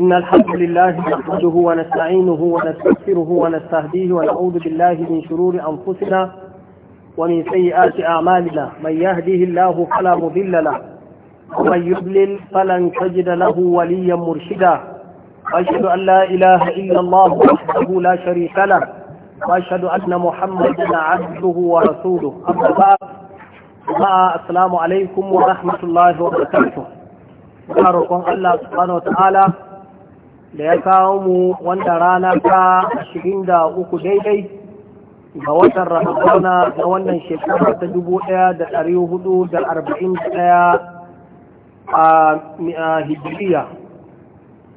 إن الحمد لله نحمده ونستعينه ونستغفره ونستهديه ونعوذ بالله من شرور أنفسنا ومن سيئات أعمالنا من يهديه الله فلا مضل له ومن يضلل فلن تجد له وليا مرشدا وأشهد أن لا إله إلا الله وحده لا شريك له وأشهد أن محمدا عبده ورسوله أما بعد السلام عليكم ورحمة الله وبركاته. Ina roƙon Allah subhanahu da ya kawo mu wanda rana ta ashirin da uku daidai ga watan ramadana na wannan shekara ta dubu ɗaya da ɗari hudu da arba'in da ɗaya a hijiriya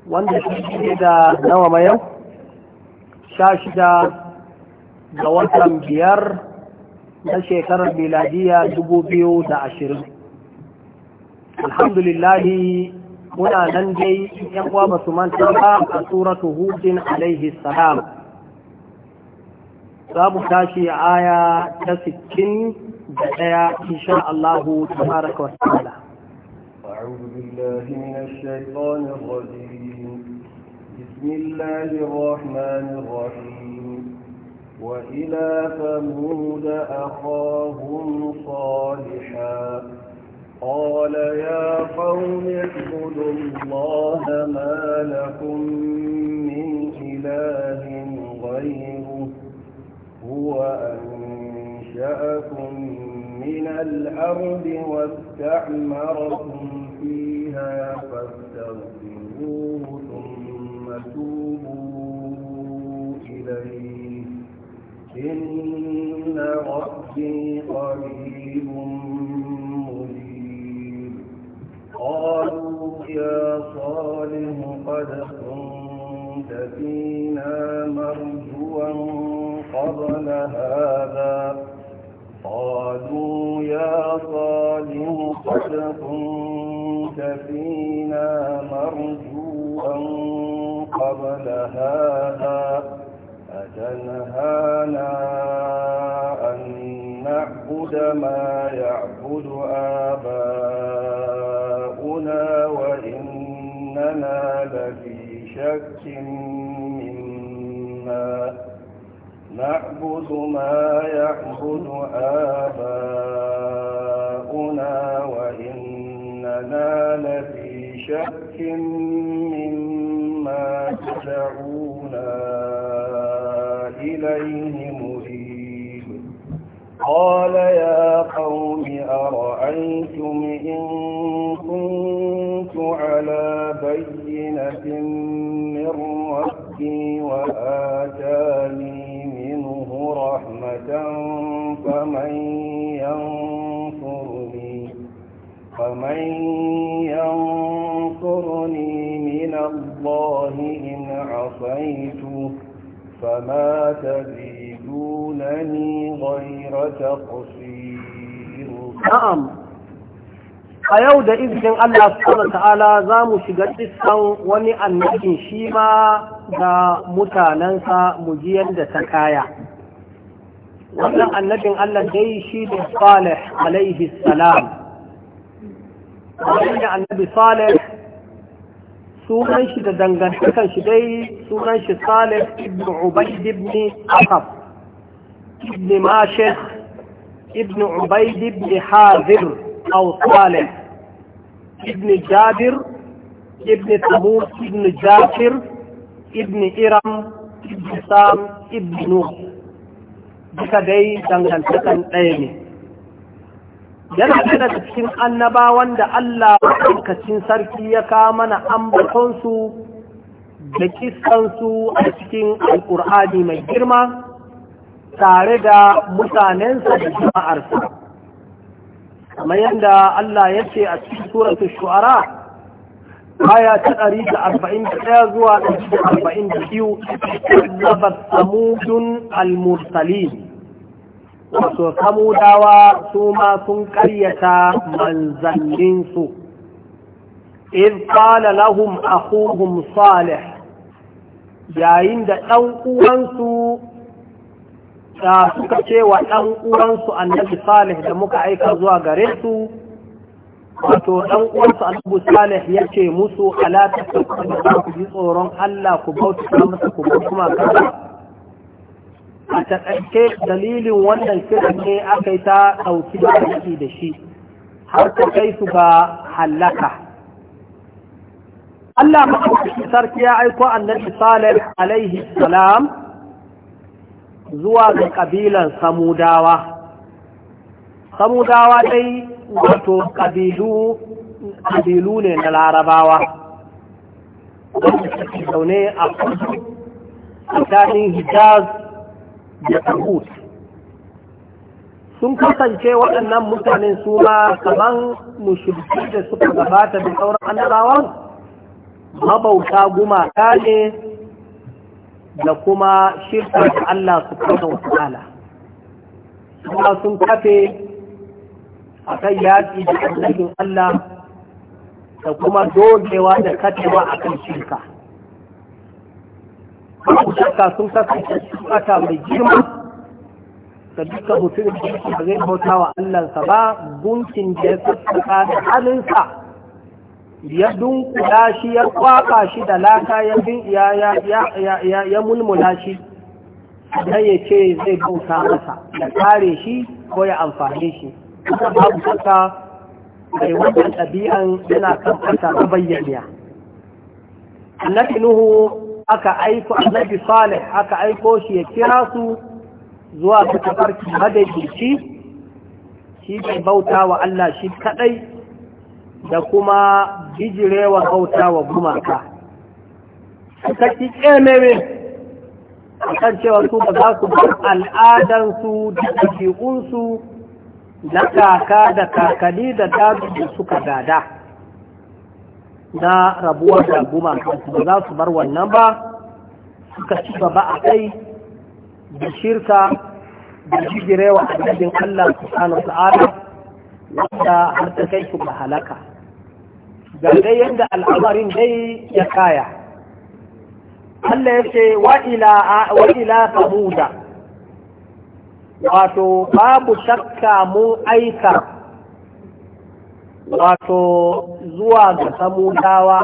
wanda shi ne da nawa mayan sha shida ga watan biyar na shekarar miladiya dubu biyu da ashirin alhamdulillahi muna nan dai yan uwa ba manta ba a suratu hudin alaihi salam za mu tashi aya ta sittin da ɗaya insha Allahu tabaraka wa ta'ala أعوذ بالله من الشيطان الرجيم بسم الله الرحمن الرحيم وإلى ثمود أخاهم صالحا قال يا قوم اعبدوا الله ما لكم من إله غيره هو أنشأكم من الأرض واستعمركم فيها فاستغفروه ثم توبوا إليه إن ربي قريب قالوا يا صالح قد كنت فينا مرجوا قبل هذا قالوا يا صالح قد كنت فينا مرجوا قبل هذا أتنهانا أن نعبد ما يعبد آباؤنا وإننا لفي شك مما نعبد ما يعبد آباؤنا وإننا لفي شك مما تدعونا إليه قال يا قوم أرأيتم إن كنت على بينة من ربي وآتاني منه رحمة فمن ينصرني فمن ينصرني من الله إن عصيته فما تدري تأتونني غير تقصير نعم a yau da izinin Allah subhanahu ta'ala za mu shiga cikin wani annabin shi ma da mutanensa mu ji yadda ta kaya wannan annabin Allah dai shi da Salih alaihi salam wanda annabi Salih sunan shi da dangantakan shi dai sunan shi Salih ibn Ubayd ibn Aqab ibn Ibni ibn Ibni ibn Ibni au Awusaalem, ibn Jaabir, ibn Sumuul, ibn Jaasir, ibn Iram, Ibni Saam, Ibni Nuq Jikadday Dagdarsan qeeme. Yeroo dheeraa fi cinii'annaan waan danda'aniif, qaamkisiinsaarkii yaakaarraan mana ambaqshaansuu beekisansuu Al-Qur'anii ma jirma. tare da mutanensa da jama'arsa kamar yadda Allah ya ce a cikin suratu shu'ara Baya ta ɗari da arba'in da ɗaya zuwa ɗari da arba'in da biyu samudun al-mursalin wato samudawa su ma sun ƙaryata manzanninsu إذ قال لهم أخوهم صالح yayin da ɗan uwansu da suka ce wa ɗan uwansu annabi salih da muka aika zuwa gare su wato ɗan uwansu annabi salih ya ce musu ala ta tabbata ku ji tsoron Allah ku bauta masa ku kuma gaba a taƙaƙe dalilin wannan kira ne aka yi ta ɗauki da da shi har ta kai su ga hallaka Allah maɗaukaki sarki ya aiko annabi salih alaihi salam zuwa ga ƙabilan samudawa samudawa dai wato ƙabilu ne na larabawa wanda suke zaune a kudu tsakanin hijaz da tahut sun kasance waɗannan mutanen su ma kaman mushirki da suka gabata da sauran annabawan mabauta gumaka ne da kuma shirka da Allah su kuma wataala kuma sun kafe a kan yaƙi da annabin Allah da kuma dogewa da katewa a kan shirka shirka sun kasance shirka mai girma da duka mutum da zai bauta wa Allahnsa ba gunkin da ya sassaka da halinsa ya dunkula shi ya kwaka shi da laka ya mulmula shi dan ya ce zai bauta masa ya kare shi ko ya amfani shi babu saka mai wannan ɗabi'an yana kan kasa ta bayyana annabi nuhu aka aiko annabi salih aka aiko shi ya kira su zuwa ga tabarki shi bai bauta wa Allah shi kadai da kuma bijirewa bauta wa gumaka a ci ƙememe a kan cewa su ba za su bar al'adansu da ɗabi'unsu na kaka da kakali da dabi da suka gada na rabuwar da gumaka ba za su bar wannan ba suka ci gaba a kai da shirka da a gajin Allah subhanahu wanda har ta kai su ga halaka ga dai yadda al'amarin dai ya kaya Allah ya ce wa ila samuda wato babu shakka mu aika wato zuwa ga samudawa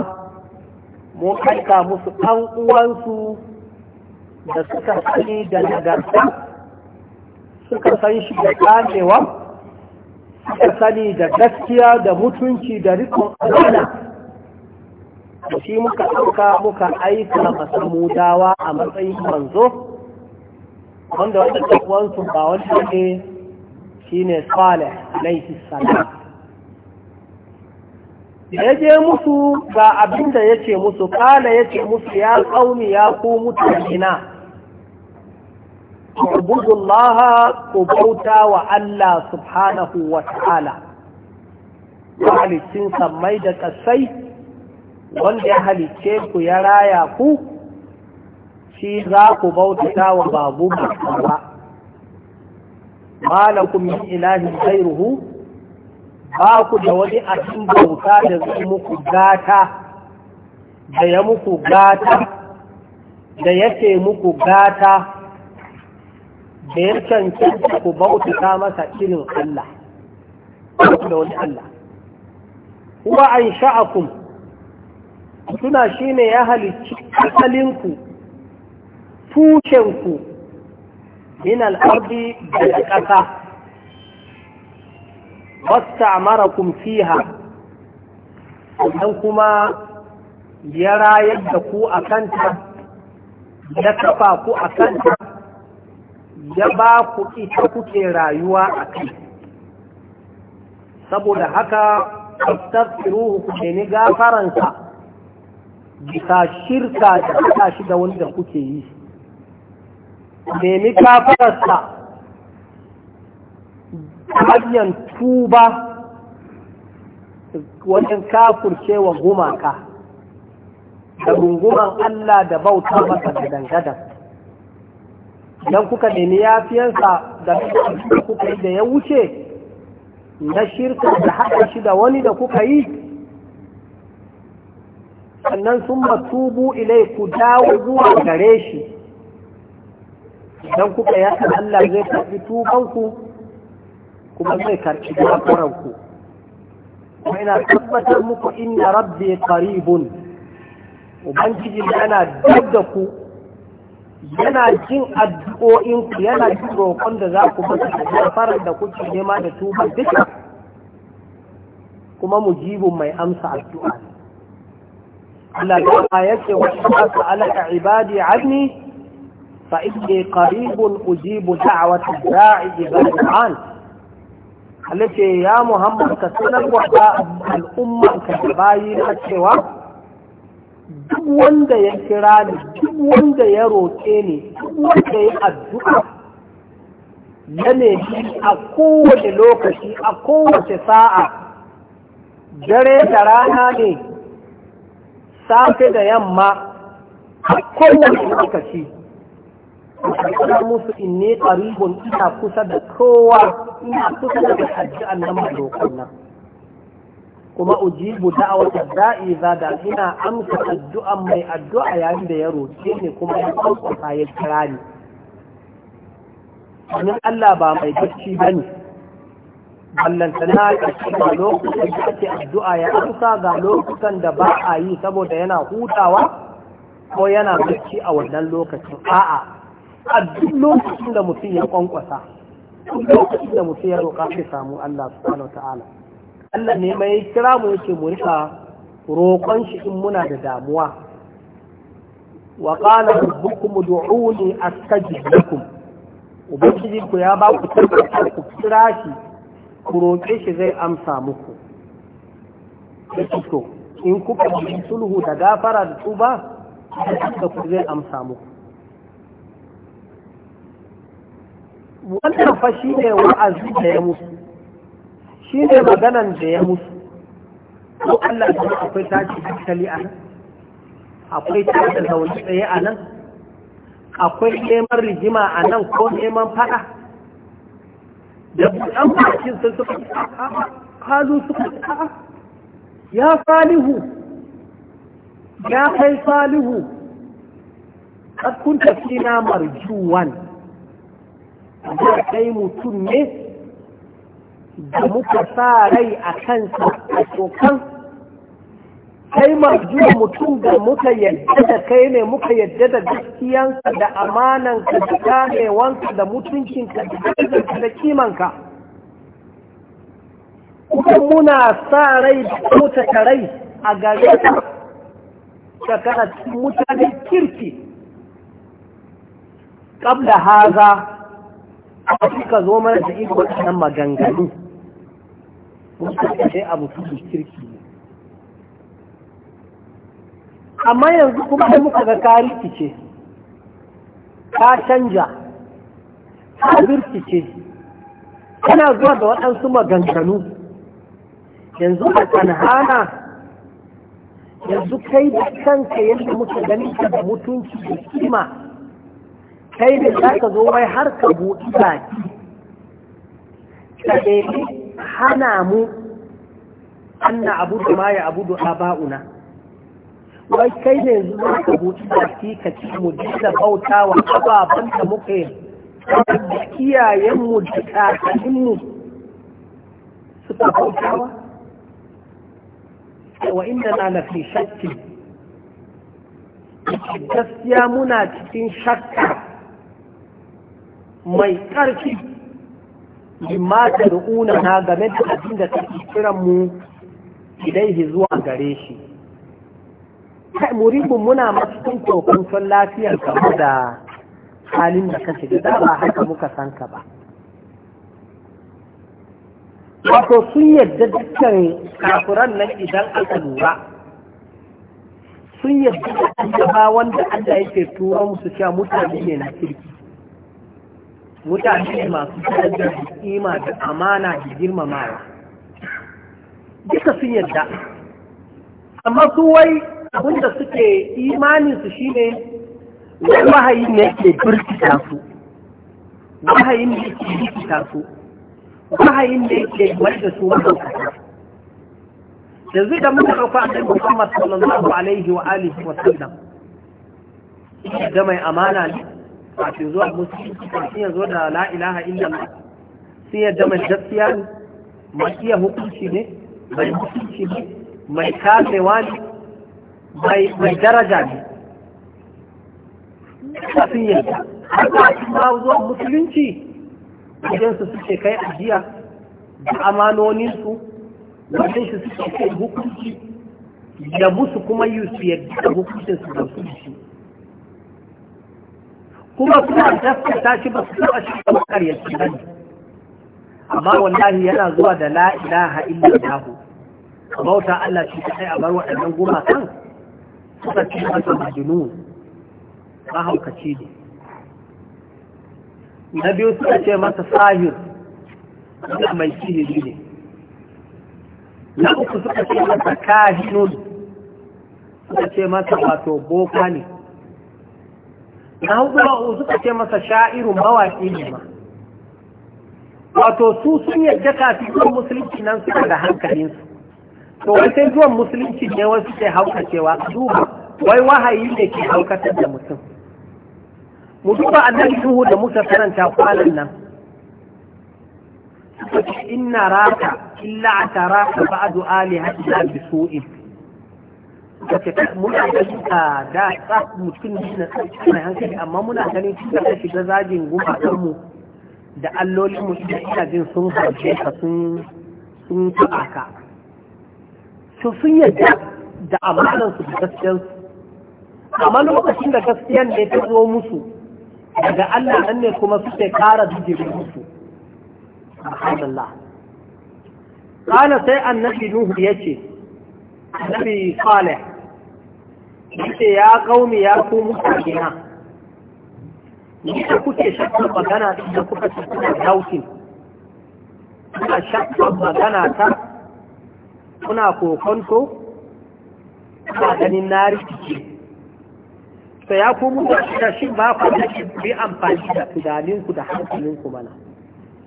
mu aika musu ɗan uwansu da suka sani da nagarta suka san shi da kamewa da sani da gaskiya da mutunci da rikon amana shi muka ɗauka muka aika mudawa a matsayin manzo wanda wanda ɗan'uwansu ba wanda ne shi ne laifin alaihi salam ya je musu ga abin da ya ce musu kala ya ce musu ya ƙauni ya ku ina. Kurbudullaha ku bauta Allah subhanahu wa ta'ala, halicin sammai da ƙasai, wanda ya halicce ku ya raya ku, shi za ku wa babu ba. Malakun ruhu, ba ku da wani abin bauta da muku gata, da ya muku gata, da yake muku gata. da ya cancanta ku bautuka masa irin Allah da wani Allah Kuma an suna tuna ne ya halicci asalinku tushenku min da daga ƙasa wasta'marakum fiha don kuma ya rayar da ku a kanta ya kafa ku a kanta ya ba ku ita kuke rayuwa a kai saboda haka tattafiruhu ku ne gafaransa bisa shirka da haɗa shi da wanda kuke yi nemi gafararsa hanyar tuba wajen kafurcewa gumaka da gunguman Allah da bauta masa da dangadan dan kuka nemi yafiyansa da kuka yi da ya wuce na shirka da haɗa shi da wani da kuka yi sannan sun matubu ilai ku dawo zuwa gare shi don kuka ya Allah zai karɓi tubanku kuma zai karɓi ku kuma ina tabbatar muku inda rabbi karibun ubangiji yana dab da ku yana jin addu'o'in ku yana jin roƙon da za ku bata da farar da kuke nema da tuba duka kuma mujibun mai amsa addu'a Allah ya yake wa shaka alaka ibadi anni fa inni qaribun ujibu da'wata da'i ibadi an Allah ce ya Muhammad ka sanar wa al'umma ka bayi cewa duk wanda ya kira ni duk wanda ya roƙe ni duk wanda ya addu'a ya nemi a kowace lokaci a kowace sa'a dare da rana ne safe da yamma a kowace lokaci Shekarar musu in ne ƙaribun ina kusa da kowa ina kusa da addu'an nan mai nan. kuma ujibu da'awata da'i za da ina amsa addu'an mai addu'a yayin da ya roke ni kuma ya kwakwafa ya kira ni Allah ba mai bacci ba ne sana ka ƙarshe lokacin da ake addu'a ya amsa ga lokutan da ba a yi saboda yana hutawa ko yana bacci a wannan lokacin a'a a duk lokacin da mutum ya kwankwasa duk lokacin da mutum ya roƙa shi samu Allah subhanahu wa ta'ala Allah ne mai kira mu yake mu rika roƙon shi in muna da damuwa wa qala rabbukum ud'uuni astajib lakum ubangiji ku ya ba ku tabbata ku kira shi ku roƙe shi zai amsa muku to in ku yi sulhu da gafara da tuba da ku zai amsa muku wannan fashi ne wa'azi da ya musu shi ne maganan da ya mutu ko Allah ya akwai tashi hankali a nan akwai tashi zaune tsaye a nan akwai neman rigima a nan ko neman fada da buɗan bakin sun suka kazu suka ya salihu ya kai salihu kad tafi na marjuwan da kai mutum ne da muka sa rai a kansa a tsokan kai marjuwa mutum da muka yadda da kai ne muka yadda da gaskiyansa da amananka da kamewanka da mutuncinka da da kimanka kuma muna sa rai da mutaka rai a gare ka shekara cikin mutane kirki kabla haza a suka zo mana da ikon nan maganganu mutum sai abu ne amma yanzu kuma da muka ga ka kice, ta canja ta birkice tana zuwa da waɗansu maganganu yanzu a kanhana yanzu kai da kanka yadda muka gani ka da mutunci da kima kai da za ka zo wai har ka buɗi baki ka ɗaya hana mu an na abu da ma ya abu da ba'una wai kai ne zuwa za ka buci da shi ka ci mu da bauta wa ababen da muka yi da iyayenmu da mu suka bautawa wa inda na lafi shakki gaskiya muna cikin shakka mai ƙarfi imma ta ru'una na game da abin da take kiran mu ilaihi zuwa gare shi kai muribin muna matukin tokon son lafiyar kamu da halin da kake da ba haka muka san ka ba wato sun yadda dukkan kafiran nan idan aka lura sun yadda da ba wanda Allah yake turo musu cewa mutane ne na kirki mutane ne masu darajar da kima da amana da girmamawa duka sun yadda amma su wai abinda suke imaninsu shi shine wani wahayi ne ke birkita su wahayin ne ke birkita su wahayin ne ke da su mahaukata yanzu da muka ɗauka a ɗan Muhammad sallallahu alaihi wa alihi wa sallam ga mai amana ne kafin zuwa musulunci kafin ya zo da la ilaha illallah sun yadda mai gaskiya mai iya hukunci ne mai musulunci ne mai kasewa ne mai daraja ne kafin yadda har kafin ma zuwa musulunci wajen su suke kai ajiya da amanoninsu wajen su suke kai hukunci da musu kuma yi su yadda hukuncinsu da musulunci kuma suna gaskata shi ba su taɓa shi da makaryaci ba ne amma wallahi yana zuwa da la ilaha A bauta Allah shi ta kai a bar waɗannan kan suka ci masa majinu ba haukaci ne na biyu suka ce masa sahir suna mai sihiri ne na uku suka ce masa kahinun suka ce masa wato boka ne na hudu ma'u suka ce masa sha'irun mawaƙi ne ma wato su sun yadda kafin zuwan musulunci nan suka da hankalinsu to wai sai zuwan musulunci ne wasu ke haukacewa duba wai wahayi ne ke haukatar da mutum mu duba annabi duhu da Musa karanta kwanan nan suka ce inna raka illa a tara ka alihatina bi da ke muna ganin a da ta mutum ne na tsarki hankali amma muna ganin cikin da shiga zagin gumakan mu da allolin mu da ina jin sun harbe ka sun sun taɓa ka Su sun yadda da amanan su da gaskiyar su amma lokacin da gaskiyar ne ta zo musu daga Allah nan ne kuma suke ƙara bijirin musu subhanallah qala sai annabi nuhu yace annabi salih yace ya kaumi ya ku mutane na da kuke shakkar magana da kuka ci kuna doubting kuna shakkar magana ta kuna kokonto kuna ganin na rikici to ya ku mutane shi ba ku da bi amfani da tunaninku da hankalinku mana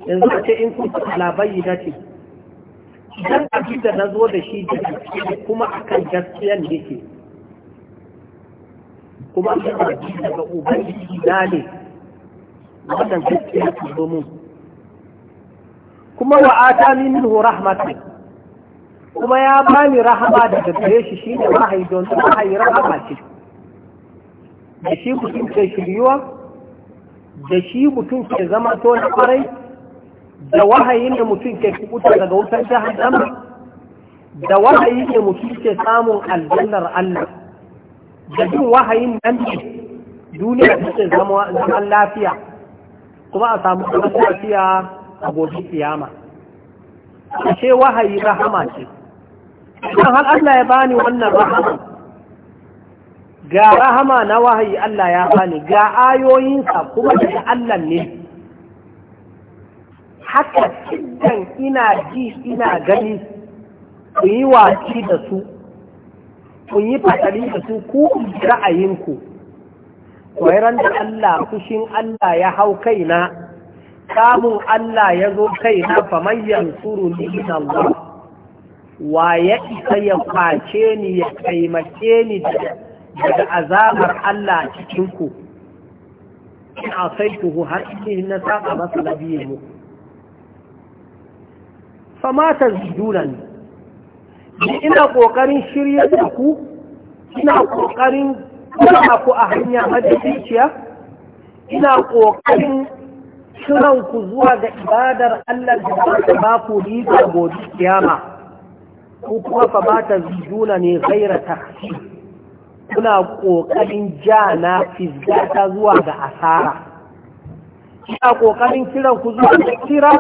yanzu a ce in kun labai na ce idan abin da na zo da shi da kuma akan gaskiyan yake kuma an ina ji daga ubangiji na ne wannan gaskiya ke zo mun kuma wa atani minhu rahmatin kuma ya bani rahama da gare shi shine wahayi don wahayi rahama ce da shi mutum ke shiryuwa da shi mutum ke zama to na kwarai da wahayin da mutum ke kubuta daga wutar jahannama da wahayin da mutum ke samun aljannar Allah da wahayin nan ne duniya take zaman lafiya kuma a samu zaman lafiya a gobe kiyama ce wahayi rahama ce don har Allah ya bani wannan rahama ga rahama na wahayi Allah ya bani ga ayoyinsa kuma da Allah ne haka cikin ina ji ina gani ku yi waki da su kun yi fatali da su ku ra'ayinku wairan da Allah kushin Allah ya hau kaina samun Allah ya zo kaina faman yansuru ni Allah wa ya isa ya kwace ni ya taimake ni daga azabar Allah cikin ku in asaituhu har in na masu masa mu famata zidunani ina ƙoƙarin shirya da ku ina ƙoƙarin kuma ku a hanya zuciya ina ƙoƙarin shirin ku zuwa ga ibadar Allah da ta ba ku riba godi kiyama ku kuma fa ba ta zuna ne ghaira taksi kuna ƙoƙarin ja na fizgata zuwa ga asara ina ƙoƙarin kiran ku zuwa ga kira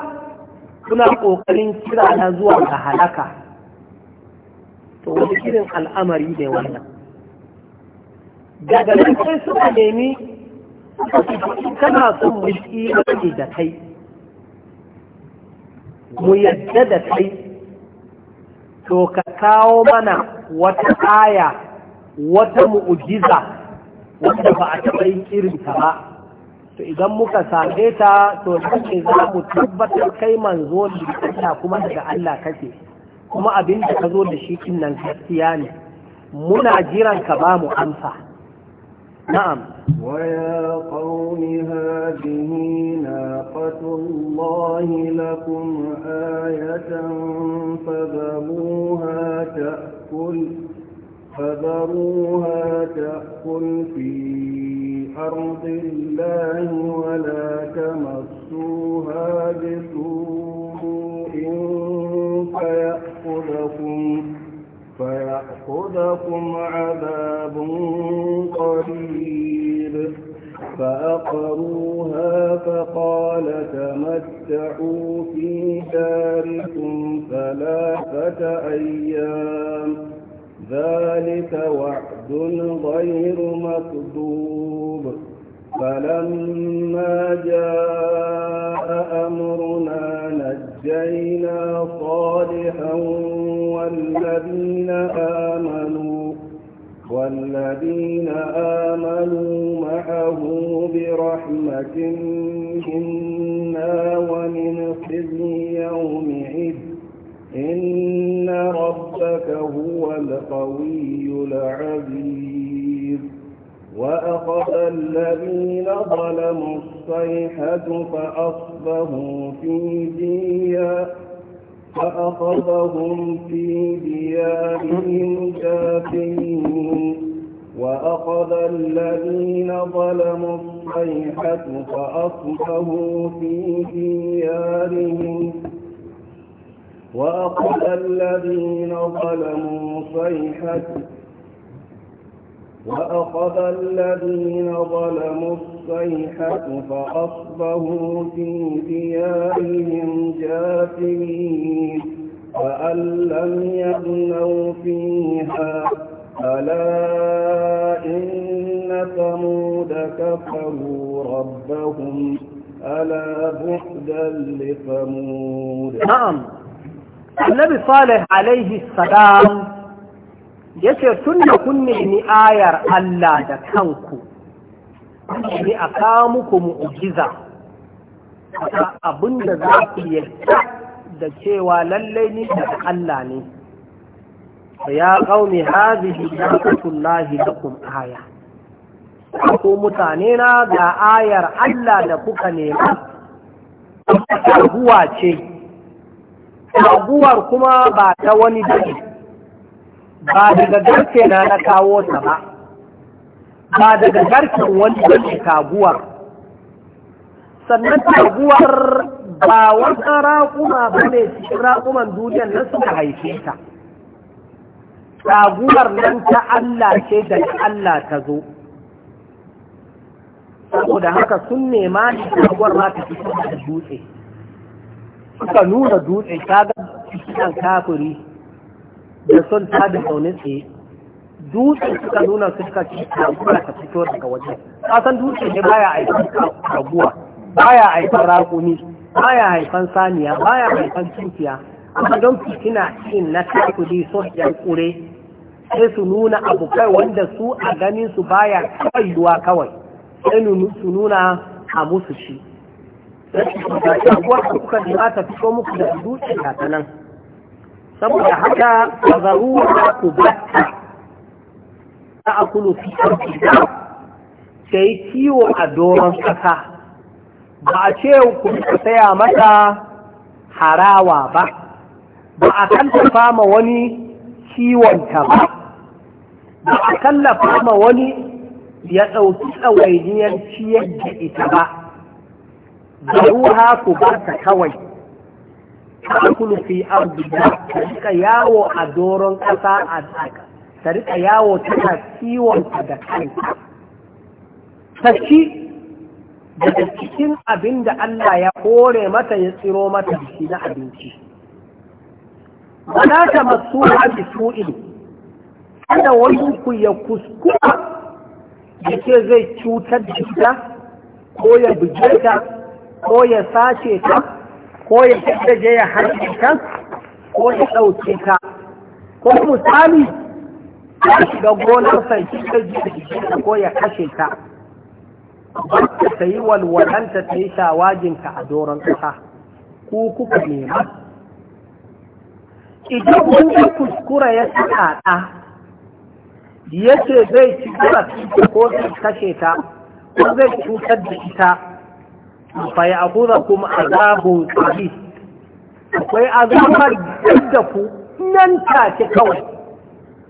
kuna ƙoƙarin kira na zuwa ga halaka to wani irin al'amari ne wannan daga nan sai suka nemi kana son mu imani da kai mu yadda da kai to ka kawo mana wata aya wata mu'ujiza wanda ba a taɓa yin ta ba to idan muka same ta to ne za mu tabbatar kai manzo ne kuma daga Allah kake kuma abin da ka zo da shi ɗin nan gaskiya ne muna jiran ka ba mu amsa na'am ويا قوم هذه ناقة الله lakum ayatan فذروها ta'kul فذروها تأكل في أرض الله ولا تمسوها بسوء فيأخذكم فيأخذكم عذاب قريب فأقروها فقال تمتعوا في داركم ثلاثة أيام ذلك وعد غير مكذوب فلما جاء أمرنا نجينا صالحا والذين آمنوا والذين آمنوا معه برحمة منا ومن خزي يومئذ إن ربك هو القوي العزيز وأخذ الذين ظلموا الصيحة فأصبهوا في ديا فأخذهم في ديارهم كافرين وأخذ الذين ظلموا الصيحة فأصبهوا في ديارهم وأخذ الذين ظلموا صيحة وأخذ الذين ظلموا الصيحة فأصبحوا في ديارهم جاثمين فأن لم يغنوا فيها ألا إن ثمود كفروا ربهم ألا بعدا لثمود نعم النبي صالح عليه السلام Ya yace tunda kunne ni ayar Allah da kanku ne a kawo a abin abinda za ku yarda da cewa lallai ni daga Allah ne ya qaumi lahi da kun aya ko mutane na ga ayar Allah da kuka nema taguwa ce taguwar kuma ba ta wani dadi ba daga garke na na kawo ta ba ba daga garke wanda ne taguwar sannan taguwar ba wata raƙuma ba ne cikin raƙuman duniyar nan suka haife ta taguwar nan ta Allah ce da Allah ta zo saboda haka sun nema ne taguwar ma ta fito da dutse suka nuna dutse ta ga cikin kafiri da son ta da zaune tsaye dutse suka nuna su suka ci raguwa ta fito daga waje kasan dutse ne baya aikin raguwa baya aikin rakumi baya haifan saniya baya haifan tunkiya amma don fitina in na takudi so yan kure sai su nuna abu kai wanda su a ganin su baya kawai ruwa kawai sai su nuna a musu shi. Sai Raguwa a kuka ta fito muku da dutse ta nan. saboda haka ba zarura ku batta ta akulu fi arki da ta kiwo a doron ƙasa ba a ce ku saya mata harawa ba ba a kallafa ma wani kiwonta ba ba a kallafa ma wani ya ɗauki ɗawainiyar ciyar da ita ba ruwa ku ba ta kawai takulu fi abdullah ta rika yawo a doron ƙasa a ta rika yawo tana ta da kanta ta ci daga cikin abin da Allah ya kore mata ya tsiro mata shi na abinci wala ta masu haɗi su'in kada wani ku ya kuskura da ke zai cutar da ko ya buge ta ko ya sace ta ko ya je ya harbe ko ya ɗauke ka ko misali ya shiga gonar sarki ta ji ko ya kashe ka wacce ta yi walwalanta ta yi shawajinka a doron ƙasa ku kuka nema idan wanda kuskura ya saka ɗa yace zai ci zarafi ko zai kashe ta ko zai cutar da ita faya ya kuma azabu tsabi akwai azabar da ku nan take kawai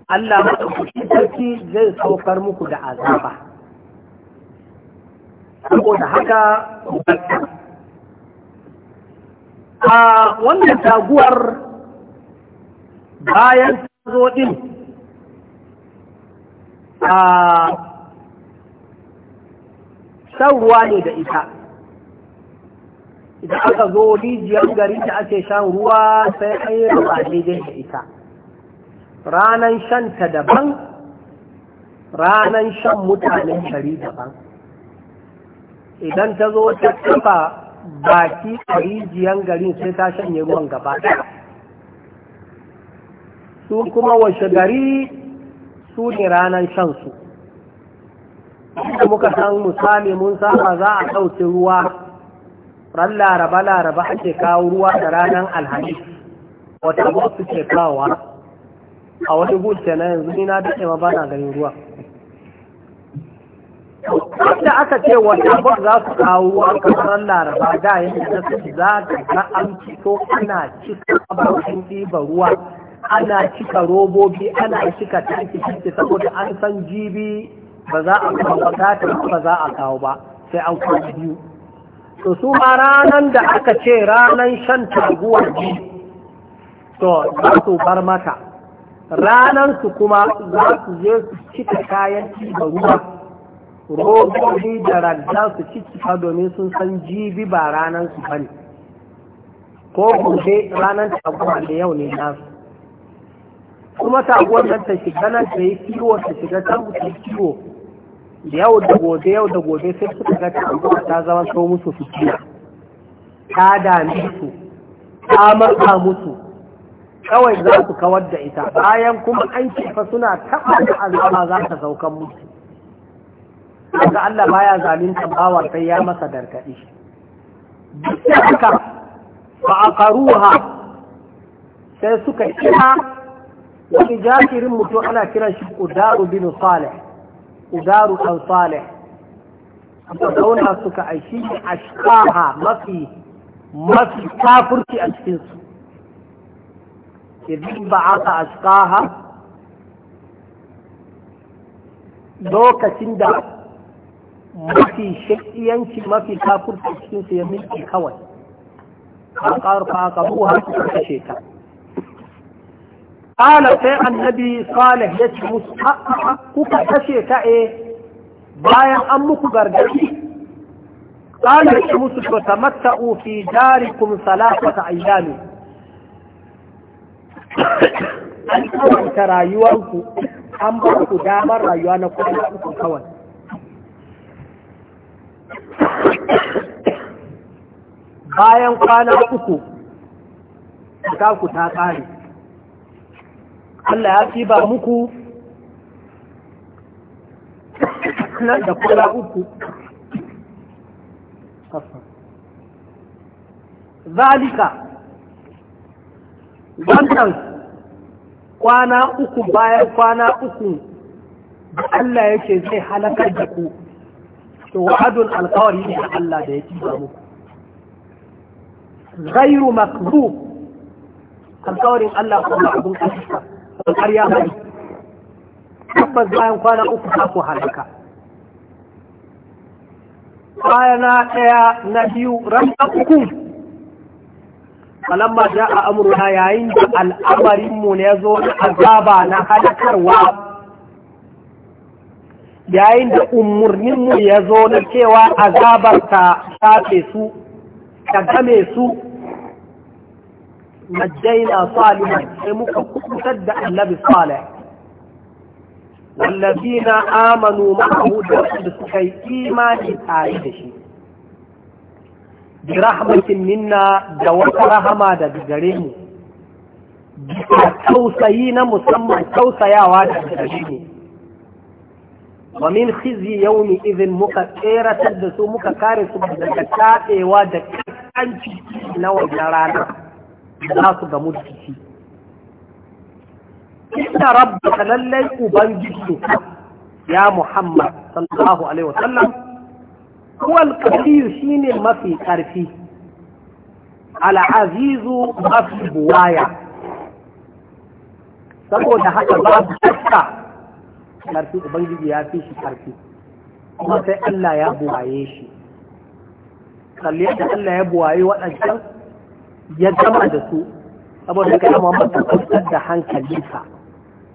Allah maɗaukaki sarki zai saukar muku da azaba saboda haka a wannan taguwar bayan zo ɗin a shan ruwa ne da ita idan aka zo rijiyar gari da ake shan ruwa sai an yi ruwa daidai da ita ranan ta daban ranan shan mutane shari daban idan ta zo ta kafa baki a rijiyar gari sai ta shanye ruwan gaba su kuma washe gari su ne ranar shansu muka san misali mun saba za a ɗauki ruwa ran laraba laraba ake kawo ruwa da ranar alhaji wata ba ke kawowa a wani gudunce na yanzu ni na daɗe ma ba na ganin ruwa wanda aka ce wata ba za su kawo ruwa kasar laraba da yadda da su za ka ga an fito ana cika abokin ɗiba ruwa ana cika robobi ana cika tanki cikin saboda an san jibi ba za a kawo ba ba za a kawo ba sai an kawo biyu to su ma ranar da aka ce ranar shan taguwar ji to za su bar mata ranar su kuma za su je su cika kayan da ruwa rogobi da ranta su cika domin sun san jibi ba ranar su ba ne. ko gobe ranar taguwa da yau ne nasu kuma taguwar nan ta shiga nan ta yi kiwo ta shiga can mutum kiwo yau da gobe yau da gobe sai suka ga tambaya ta zama so musu fitina ta dami su ta matsa musu kawai za su kawar da ita bayan kuma an kifa suna taɓa da alama za ta saukan musu daga Allah baya zalin bawar sai ya masa darkaɗi duk ba a karuwa sai suka kira wani jakirin mutum ana kiran shi ƙudaru bin salih udaru al salih suka zauna suka aishi ashkaha mafi mafi kafurci a cikinsu idin ba aka ashkaha lokacin da mafi shakiyanci mafi kafurci cikinsu ya milki kawai a ƙarfa ka buwa suka kashe ta ƙala sai annabi salih ya ce musu kuka kashe ta e bayan an muku gargaɗi ƙala ya musu to tamatta'u fi darikum salasata ayyami an kawanta rayuwarku an ba ku damar rayuwa na kuma uku kawai bayan kwana uku ta ku ta ƙare Allah ya fi ba muku nan da kula uku zalika wannan kwana uku bayan kwana uku da Allah yake zai halakar da ku to wa'adun alkawari ne da Allah da ya ba muku غير مكذوب القول الله هو معبود أشهر har ya hari tabbas bayan kwana uku za ku halaka na ɗaya na biyu ranta uku falamma ja a amurna yayin da al'amarinmu ne ya zo na azaba na halakarwa yayin da umarninmu ya zo na cewa azabar ta shafe su ta game su najjaina salihan sai muka kubutar da annabi salih wallazina amanu ma'ahu da suka yi imani tare da shi bi rahmatin minna da wata rahama daga gare mu bisa tausayi na musamman tausayawa daga gare mu wa min khizyi yawmi idhin muka tseratar da su muka kare su daga taɗewa da kanci na rana za su ga mulki shi inna rabbaka lallai ubangiji ya muhammad sallallahu alaihi wasallam huwa al-kabir shine mafi karfi al-azizu mafi buwaya saboda haka babu shakka karfi ubangiji ya fi shi karfi kuma sai Allah ya buwaye shi kalli yadda Allah ya buwaye waɗancan ya gama da su saboda ga yamma mata kwantar da hankalinsa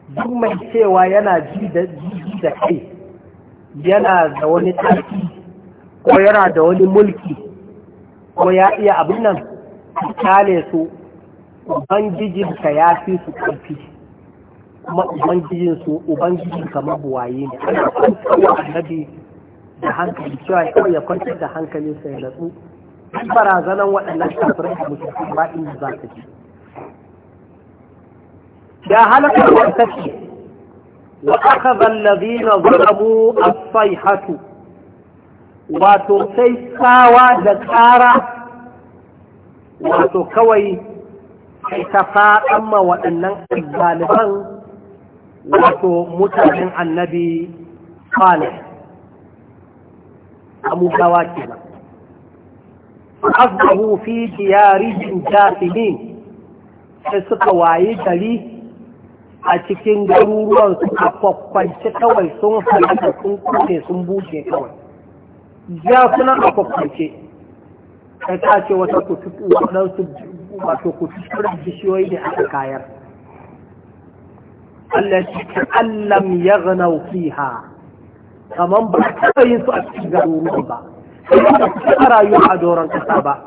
duk mai cewa yana ji da kai yana da wani tafi ko yana da wani mulki ko ya iya abin nan kyale su ubangijinka ya fi su ƙarfi kuma ubangijinsu kamar mabuwaye ne ana kwantar da annabi da hankali cewa ya kwantar da hankalinsa ya natsu duk barazanan waɗannan kafirai a musulmi ba inda za ka ji da halakar wata ce wa aka zallabi na zarabu a saihatu wato sai tsawa da tsara wato kawai sai ta faɗan ma waɗannan ɗaliban wato mutanen annabi Salih amugawa kenan azbahu fi diyarihim Jafilin sai suka waye gari a cikin garuruwan su a kwakwanci kawai sun halaka sun kune sun bushe kawai ja suna a kwakwance sai ta ce wata kututu waɗansu wato kututuran bishiyoyi da aka kayar Allah ce ta'allam ya ganau fiha kamar ba ta taɓa yin su a cikin garuruwan ba a rayuwa a doron kasa ba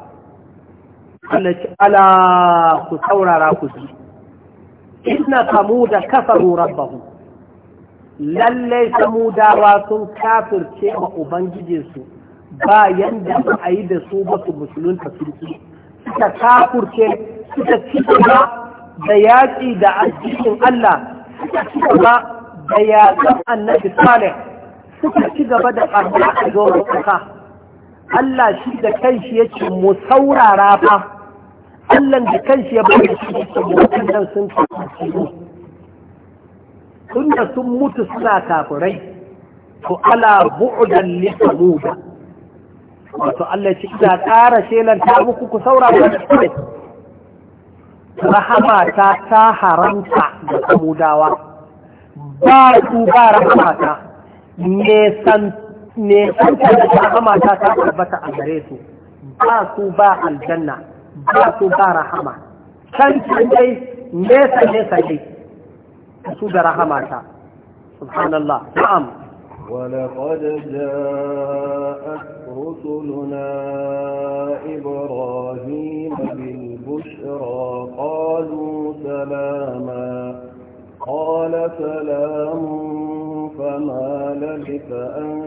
Allah ci ala ku saurara ku ji inna samuda kafaru rabbahu lallai samudawa sun kafirce ma ubangijinsu ba yanda su a yi da su ba su musulunta sulki suka kafurce suka ci gaba da yaƙi da addinin Allah suka ci gaba da yaƙan annabi Saleh suka ci gaba da ƙarfi a doron ƙasa Allah shi da kanshi ya ce mu saurara fa Allah da kanshi ya bada shi da waɗannan sun tafi tunda sun mutu suna kafirai to ala bu'dan li samuda wato Allah ya da tsara ƙara shelan ta muku ku saurara da kai rahama ta ta haramta da samudawa ba su ba rahama ta ne san ne kanta da rahama ta ta tabbata a gare su ba su ba aljanna ba su ba rahama can can dai nesa nesa dai su da rahama ta subhanallah na'am ولقد جاءت رسلنا إبراهيم بالبشرى قالوا سلاما قال سلام فما لبث أن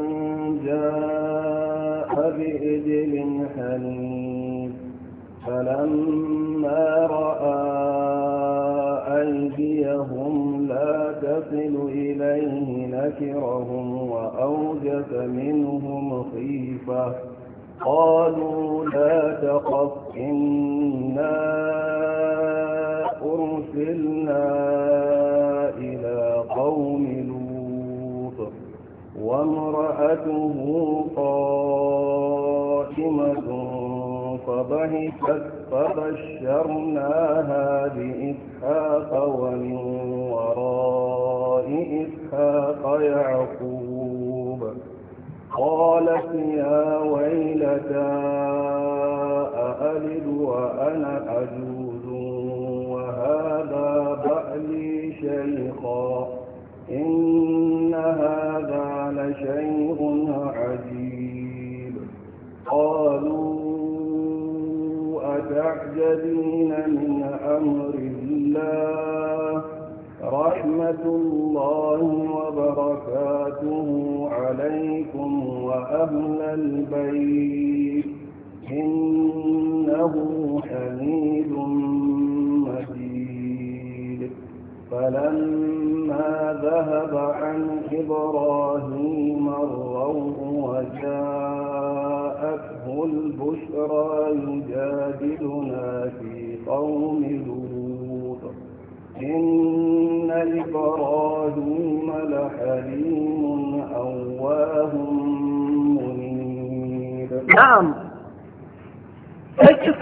جاء بإجل حنيف فلما رأى أيديهم لا تصل إليه نكرهم وأوجس منهم خيفة قالوا لا تخف إنا أرسلنا قوم لوط وامرأته قائمة فبهتت فبشرناها بإسحاق ومن وراء إسحاق يعقوب قالت يا ويلتى أألد وأنا أجوز وهذا بألي شيخا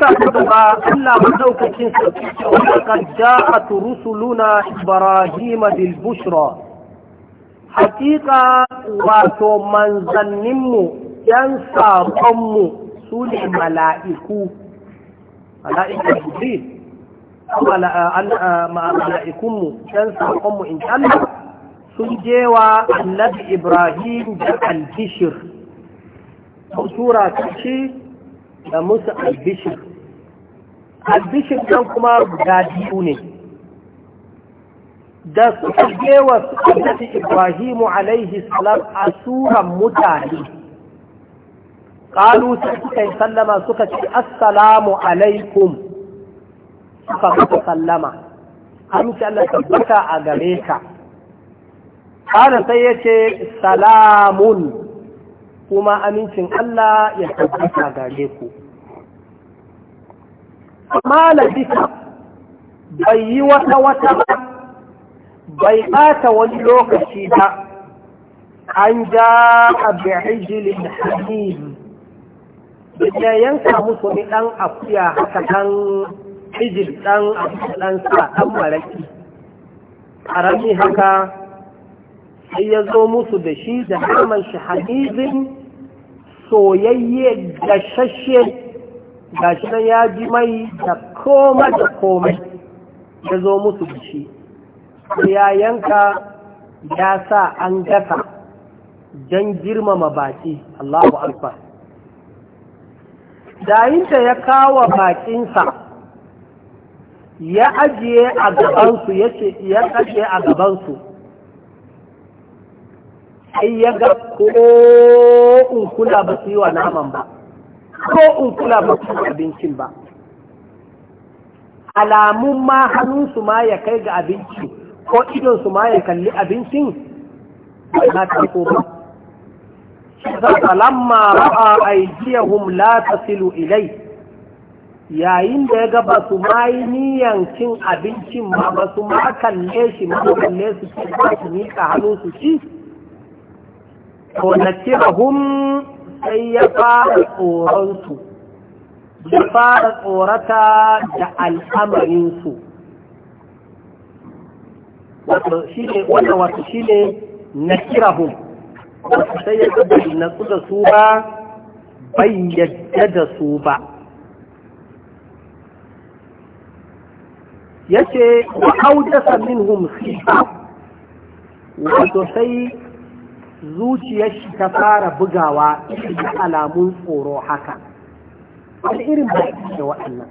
sura ta gaba Allah madaukakin sarki cewa laqad ja'at rusuluna ibrahim bil bushra haqiqa wato manzanninmu yan sakonmu su ne mala'iku mala'ikun jibril mala'ikunmu yan sakonmu in Allah sun jewa annabi ibrahim da albishir sura ta ce da musu albishir albishin nan kuma guda biyu ne da suka gewa annabi ibrahimu alaihi salam a suran mutane ƙalu sai suka yi sallama suka ce assalamu alaikum suka suka sallama ce Allah tabbata a gare ka ƙara sai ya ce salamun kuma amincin Allah ya tabbata gare ku amala bai yi wata wata ba bai bata wani lokaci ba an ja a bihijilin hakim da yanka musu ni ɗan akuya haka ɗan hijil ɗan ɗan sa dan maraki ƙarami haka sai ya zo musu da shi da harman shi hadizin soyayye gashashe ga shi nan ya ji mai da koma da komai ya zo musu bishi ya yanka ya sa an gasa don girmama baki Allahu Akbar dayinta ya kawo bakinsa ya ajiye a gabansu ya ce ya ajiye a gabansu sai ya ga ko in kula ba su yi wa naman ba ko in kula ba su abincin ba alamun ma hannunsu ma ya kai ga abinci ko idonsu ma ya kalli abincin bai ta ko ba falamma ra'a aydiyahum la tasilu ilai yayin da ya ga ba su ma yi niyan cin abincin ma ba su ma kalle shi ma kalle su ci ba su miƙa hannu su ci nakirahum sai ya fara tsoronsu ya fara tsorata da al'amarinsu wannan wasu shi ne na kirahun wasu sai ya tsada na da su ba bai yadda da su ba ya ce wa audasa min khifa wato sai zuciyar shi ta fara bugawa da alamun tsoro haka wani irin baki da waɗannan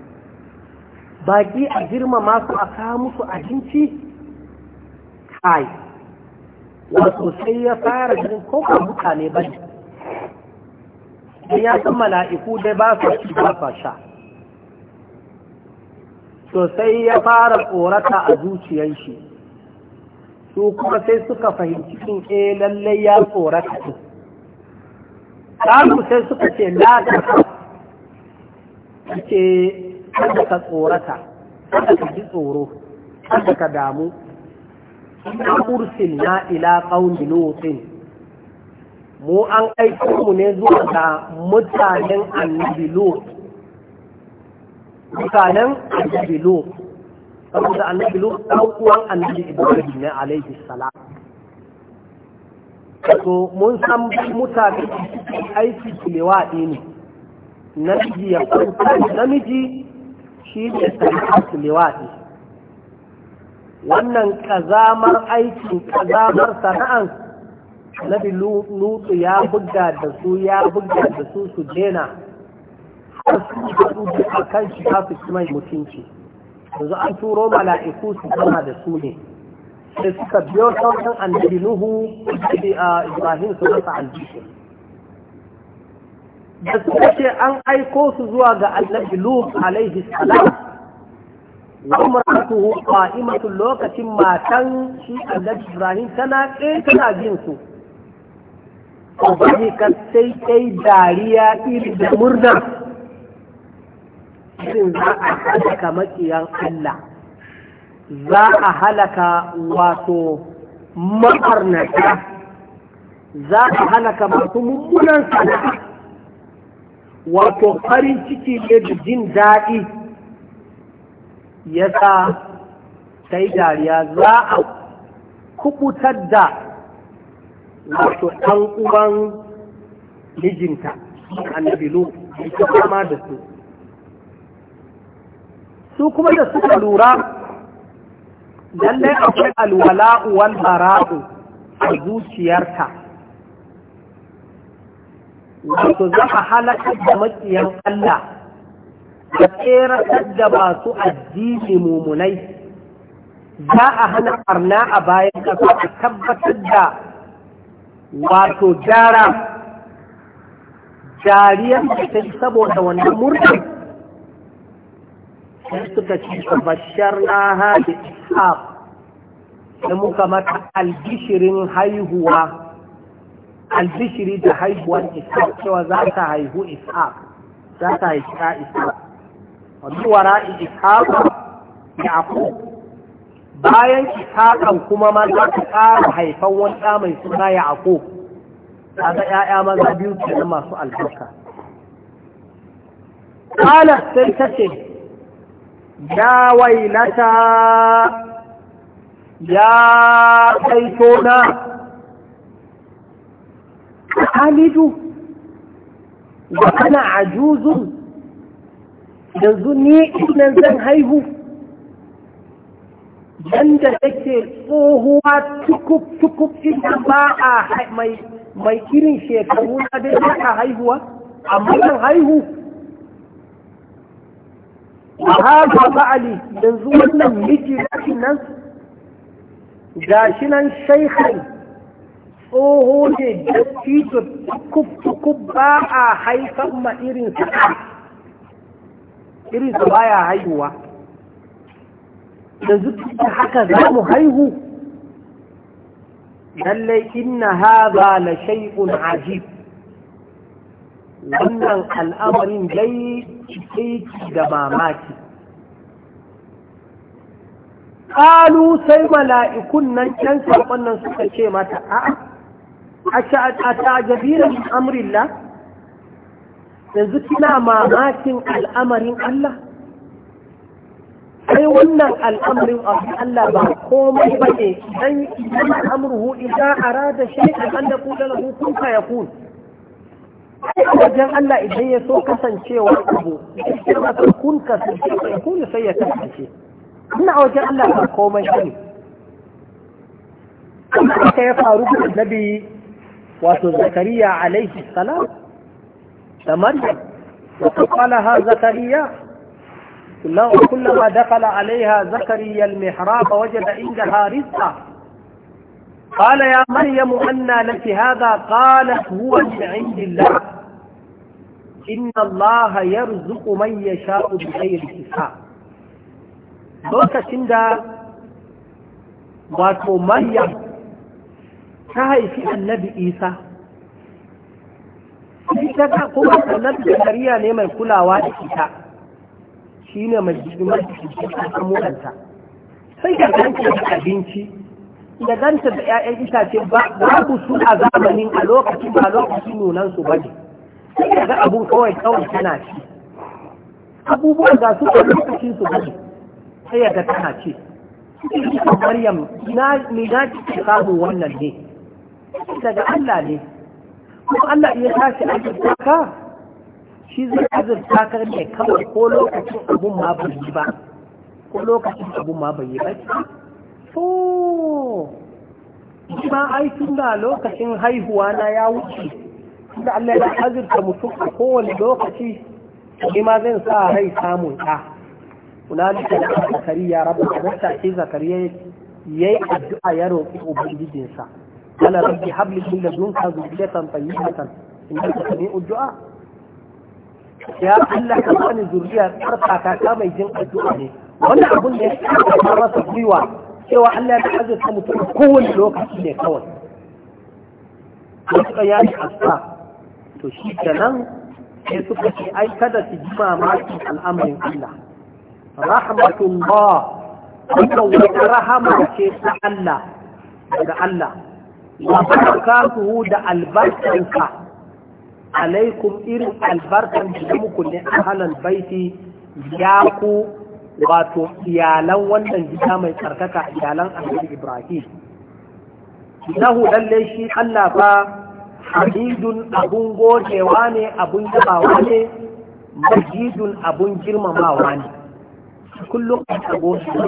baki a girmama su a kawo musu abinci kai wato sai ya fara ganin kokon mutane ba ne ya san mala'iku dai ba su ci ba sha to sai ya fara tsorata a zuciyar shi su kuma sai suka fahimci sun e eh, lallai ya tsorata ɗin ƙalu sai suka ce lada ce kada ka tsorata kada ka ji tsoro kada ka damu ina ursin na ila ƙauni lotsin mu an aiki mu ne zuwa ga mutanen annabi lot mutanen annabi saboda annabi Lut dan annabi Ibrahim ne alaihi salam to mun san mutane aiki liwaɗi ne namiji ya kwanta namiji shi ne sana'atu liwaɗi wannan kazamar aikin kazamar sana'an nabi lutsu ya buga da su ya buga da su su dena har su haɗu a kan shi za su ci mai mutunci yanzu an turo mala'iku su zama da su ne sai suka biyo sautin annabi nuhu da a ibrahim su rasa aljihu da ce an aiko su zuwa ga annabi nuhu alaihi salam wa umratuhu qa'imatu lokacin matan shi annabi ibrahim tana ƙe tana bin su ko ba ne ka kai dariya iri da murna irin za a halaka maƙiyan Allah za a halaka wato ma'arnata za a halaka masu mummunan sana'a wato farin ciki ne da jin daɗi ya sa sai dariya za a kubutar da wato ɗan mijinta annabi lu ya kama da su su kuma da suka lura lallai akwai alwala'u wal bara'u a zuciyarta wato za a halakar da makiyan Allah da tsere da masu addini mumunai za a hana arna a bayan ƙasa a tabbatar da wato jara jariyar da ta saboda wani murna. suka ce bashar na haɗe ishaq da muka mata albishirin haihuwa albishiri da haihuwan is'a cewa za ta haihu isa za ta haihu isa wani wara ba ya aku bayan kan kuma ma za ta ƙara haifan wani ɗa mai suna ya aku ta ga ‘ya'ya maza biyu ke masu albarka. Ƙalar sai ta ce, ya wailata ya kai na halidu wa ana ajuzun yanzu ni idan zan haihu yanda take tsohuwa tukuk-tukuk ina ba a mai kirin shekaru na dai ba haihuwa amma zan haihu haka fa'ali yanzu wannan miji rashin nan gashi nan shaikhai tsoho ne da fito tukub ba a haifar ma irinsa ba ya haihuwa yanzu ta haka za mu haihu lallai inna haza la shay'un ajib wannan al'amarin dai cike da mamaki ƙalu sai mala'ikun nan can saƙon nan suka ce mata a a tajabirin la? yanzu kina mamakin al'amarin Allah sai wannan al'amarin Allah ba komai ba ne dan idan a rada shi a ɗan da kudala hukunka ya kuna. wajen Allah idan ya so kasancewa abu ya kun kasance ya kun sai ya kasance ina a wajen Allah ba komai shi ne haka ya faru da zabi, wato zakariya alaihi salam da maryam wa ha zakariya kullum kullama dakala alaiha zakariya al-mihrab wajada indaha rizqa قال يا مريم أنى لك هذا قالت هو من عند الله إن الله يرزق من يشاء بغير حساب lokacin da wato maryam ta haifi annabi isa ita ta kuma da kariya ne mai kulawa da ita shi ne mai jimar da al'amuranta sai ka ganke da abinci da ganta da 'ya'yan itace babu su a zamanin a lokacin ba lokacin nunan su bane Daga ga abun kawai kawai tana ci abubuwan ga su a lokacin su bane sai ga tana ci Maryam ina na ki samu wannan ne daga Allah ne kuma Allah ya tashi a cikin shi zai azurta ka ne kawai ko lokacin abun ma bai yi ba ko lokacin abun ma bai yi ba to Kuma ai tun da lokacin haihuwa na ya wuce da Allah ya azurta mutum a kowane lokaci Kuma ma zan sa rai samun ɗa hunalika da ya rabu wata ce ya yayi addu'a ya roƙi ubangijinsa ana rabbi habli min yi zurriyatan tayyibatan ka sami'ud addu'a ya Allah ka bani zuriya tsarkaka ka mai jin addu'a ne wannan abun da ya fara masa gwiwa cewa Allah ya azurta mutum kowane lokaci ne kawai wasu ya yi asa to shi nan sai suka ce ai kada su ji mamakin al'amarin Allah ba. wannan wata rahama ce ta Allah daga Allah wa barakatuhu da albarkanka alaikum irin albarkan da muku ne ahalal baiti ya ku wato iyalan wannan gida mai karkaka iyalan annabi ibrahim Nahu lalle shi Allah ba hamidun abun godewa ne abun yabawa ne majidun abun girmamawa ne kullum a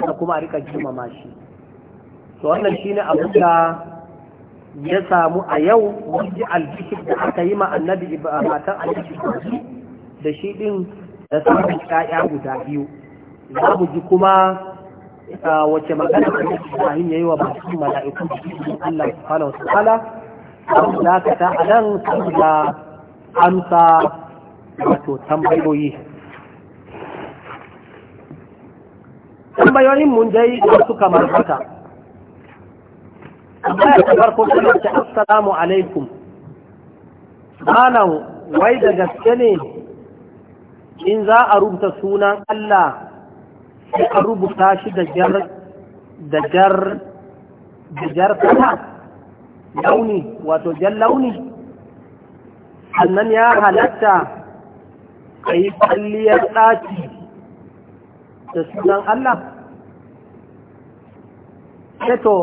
da kuma rika girmama shi to wannan shine abun da ya samu a yau wani albishir da aka yi ma annabi matan da shi din da samun ƴaƴa guda biyu za mu ji kuma wace magana da ya yayi wa bakin mala'iku cikin Allah subhanahu wa ta'ala abu da a nan anan saboda amsa wato tambayoyi tambayoyin mun dai su kamar haka amma ta farko kuma ta assalamu alaikum malam wai da gaske ne in za a rubuta sunan Allah sai a rubuta shi da jar da jar da launi wato jan launi sannan ya halatta a yi kwalliyar ɗaci da sunan Allah eto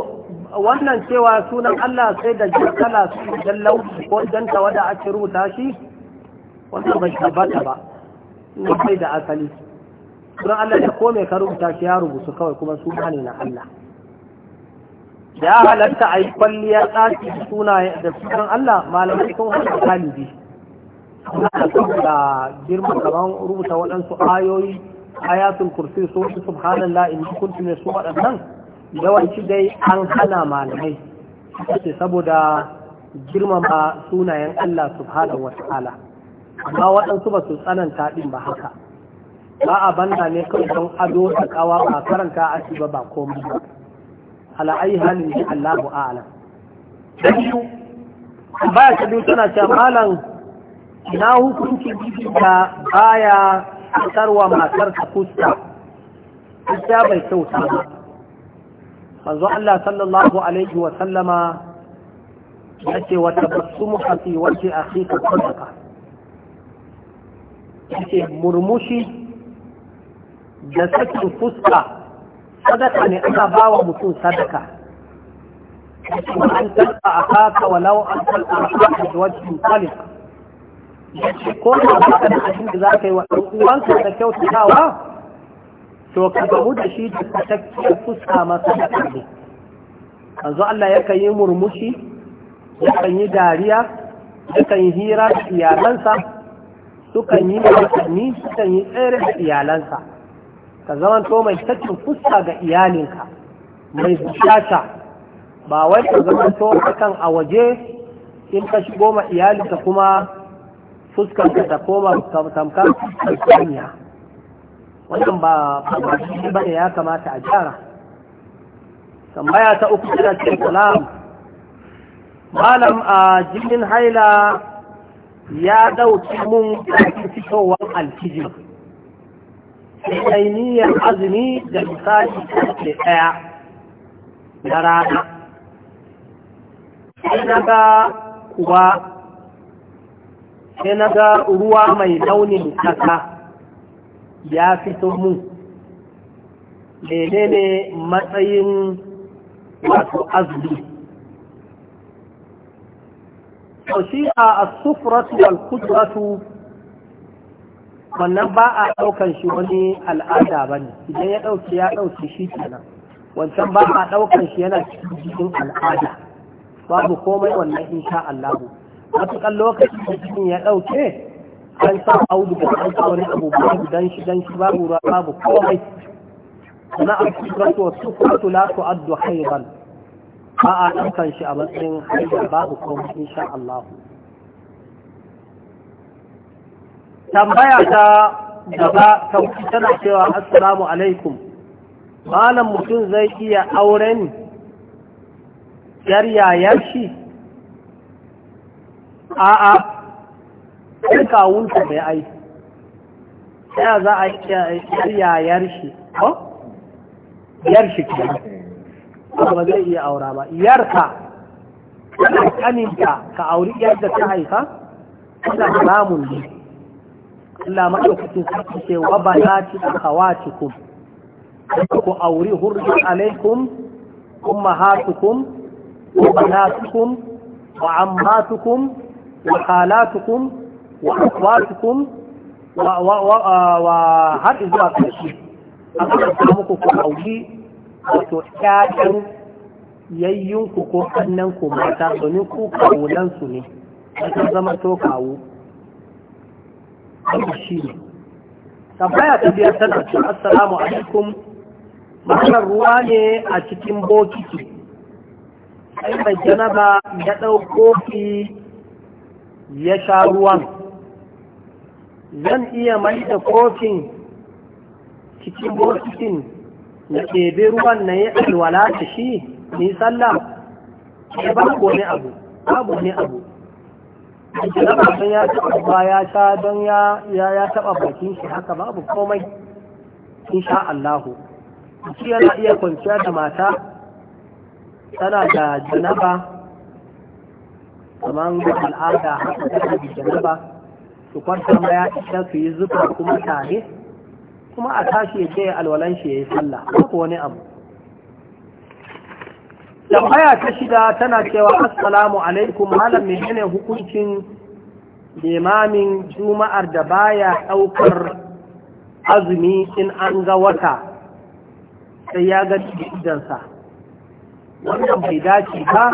eh wannan cewa sunan Allah sai da jan kala su jan launi ko jan wada ake rubuta shi wannan bai tabbata ba na sai da asali don Allah da kome ka rubuta shi ya rubutu kawai kuma suna ne na Allah. ya halatta a yi kwalliyar tsaki da suna da sunan Allah malamai sun hana kalibi Suna da saboda girma kamar rubuta waɗansu ayoyi ayatul kursi su wasu subhanallah in kuntu ne su waɗannan yawanci dai an hana malamai. Suke saboda girmama sunayen Allah subhanahu wa ta'ala. Amma waɗansu ba su tsananta ɗin ba haka. ba a banda ne kawai don ado da kawa ba karanta a ci ba ba komai ba ala ayi halin shi Allahu a'ala da biyu baya ta biyu tana cewa malam na hukunci bibi da baya tarwa matar ta kusa. ita bai kyauta ba manzo Allah sallallahu alaihi wa sallama yace wa tabassumu fi wajhi akhika sadaqa ce murmushi da sakin fuska sadaka ne ana ba wa mutum sadaka an tarka a kaka walau an tarka a kaka da wajen ce ko da baka da abin da za ka yi wa ɗan'uwanka da kyautatawa to ka gamu da shi da sakakkiyar fuska masa da ƙarfi yanzu Allah ya yi murmushi ya yi dariya ya yi hira da iyalansa sukan yi wasanni sukan yi tsere da iyalansa ka zama to mai sakin fuska ga iyalinka mai zuciyata ba wai ka zama to kan a waje in ka shigo ma iyalinka kuma fuskar ka ta koma tamkar saniya wannan ba ba ba ne ya kamata a gyara tambaya ta uku tana ce salam malam a jinin haila ya ɗauki mun fitowar alfijir sai azumi da misali da ɗaya na rana sai na ga kuwa sai na ga ruwa mai launin kasa ya fito mu menene matsayin wato azumi to shi a asufratu wal wannan ba a ɗaukan shi wani al'ada ba ne idan ya ɗauke ya ɗauke shi kenan wancan ba a ɗaukan shi yana cikin al'ada babu komai wannan insha Allah matuƙan lokacin da cikin ya ɗauke an sa audu da an sa wani abu ba dan shi dan shi babu ruwa babu komai na al su wa sufratu la tu'addu hayran ba a ɗaukan shi a matsayin hayran babu komai insha Allah tambaya ta gaba ta wuce tana cewa assalamu alaikum malam mutum zai iya auren yaryayar shi a'a sai kawunsa mai ai sai za a yaryayar shi ko yar shi ke ba zai iya aura ba yarka kaninta ka auri yar da ta haifa ina samun ne Allah ma'aikacin sarki ce wa ba za ci a kawatikum ku auri hurri alaikum ummahatukum wa banatukum wa ammatukum wa khalatukum wa akhwatukum wa wa har zuwa kashi an ka muku ku auri wato ƴaƴan yayyunku ko kannanku mata domin ku kawunansu ne ta zama to kawo wannan shi ne tambaya ta biyar tana ce assalamu alaikum makarar ruwa ne a cikin bokiti sai mai janaba ya ɗau kofi ya sha ruwan zan iya mai da kofin cikin bokitin na ɗebe ruwan na yi alwala da shi ni sallah ya ba ko ne abu babu ne abu don ya taɓa ba ya sha don ya taɓa bakin shi haka babu komai sha Allahu shi yana iya kwanciya da mata tana da janaba kamar al'ada haka tana da janaba su kwanta ma ya isa su yi zuba kuma tare kuma a tashi ya ce alwalan shi ya yi sallah ko wani abu tambaya ta shida tana cewa assalamu alaikum malam menene hukuncin limamin juma'ar da baya ɗaukar azumi in an ga wata sai ya ga sa wannan bai dace ba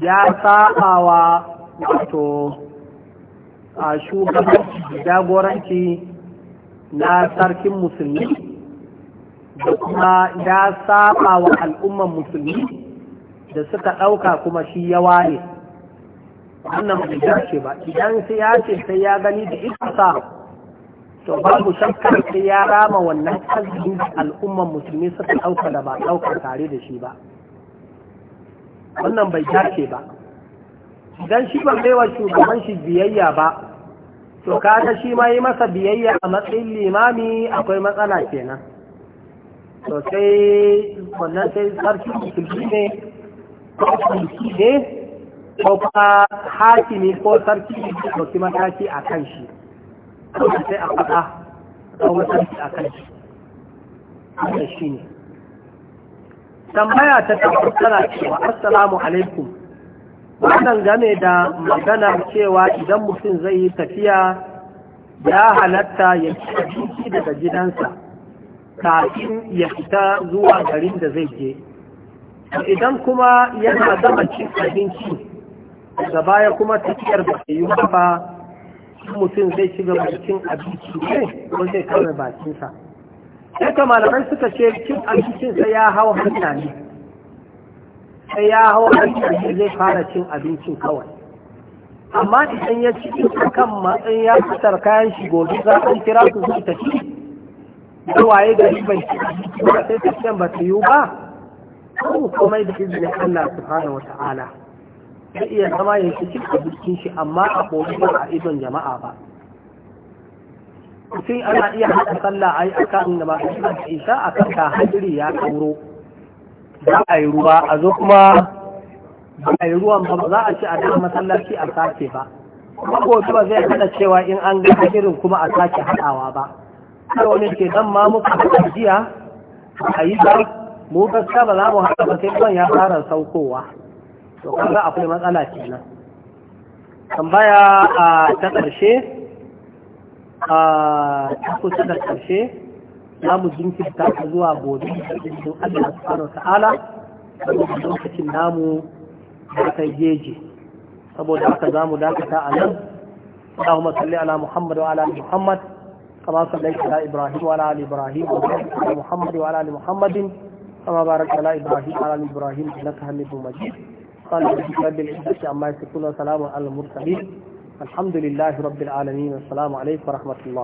ya wa wato a shugabanci jagoranci na sarkin musulmi da kuma ya saba wa al'umman musulmi da suka ɗauka kuma shi yawa ne wannan bai dace ba idan sai ya ce sai ya gani da sa, to babu shakkar sai ya rama wannan azumin da al'umman musulmi suka ɗauka da ba ɗauka tare da shi ba wannan bai dace ba idan shi ban baiwa shugaban shi biyayya ba to kaga shi ma yi masa biyayya a matsayin limami akwai matsala kenan to sai wannan sai sarki musulmi ne ko sarki ne ko kuma hakimi ko sarki ne ko kuma mataki a kan shi ko sai a faɗa ko mataki a kan shi haka shi ne tambaya ta tana cewa assalamu alaikum wannan game da magana cewa idan mutum zai yi tafiya ya halatta ya ci abinci daga gidansa kafin ya fita zuwa garin da zai je idan kuma yana gama cin abinci da baya kuma tafiyar da yi ba mutum zai ci gaba da cin abinci ne ko zai kama bakinsa yadda malamai suka ce cin abincinsa ya hau hanya ne sai ya hau hanya ne zai fara cin abincin kawai amma idan ya ci kan matsayin ya fitar kayan shi gobe za a kira su zai tafi da waye gari bai ci ba sai tafiyan ba ta yiwu ba ko komai da izinin Allah subhanahu wata'ala zai iya zama ya ci cin abincin shi amma a koyi a idon jama'a ba mutum ana iya haɗa sallah a yi a kan da masu shirin da isa a kan ta hajjiri ya kauro za a yi ruwa a zo kuma ba a yi ruwan ba za a ci a dama masallaci a sake ba kuma ko ba zai haɗa cewa in an ga irin kuma a sake haɗawa ba karwanin ke dan ma muka a yi ba mu gaskiya ba za mu haka ba sai ya fara saukowa to kaga akwai matsala kenan tambaya a ta ƙarshe a ta kusa da ƙarshe za mu jinkirta ta zuwa gobe da cikin Allah subhanahu ta'ala saboda lokacin namu da kai geji saboda haka za mu dakata a nan اللهم صل على محمد وعلى محمد كما صليت على إبراهيم وعلى آل إبراهيم وعلى محمد وعلى آل محمد كما باركت على إبراهيم وعلى آل إبراهيم إنك حميد مجيد قال رب العزة عما يصفون وسلام على المرسلين الحمد لله رب العالمين والسلام عليكم ورحمة الله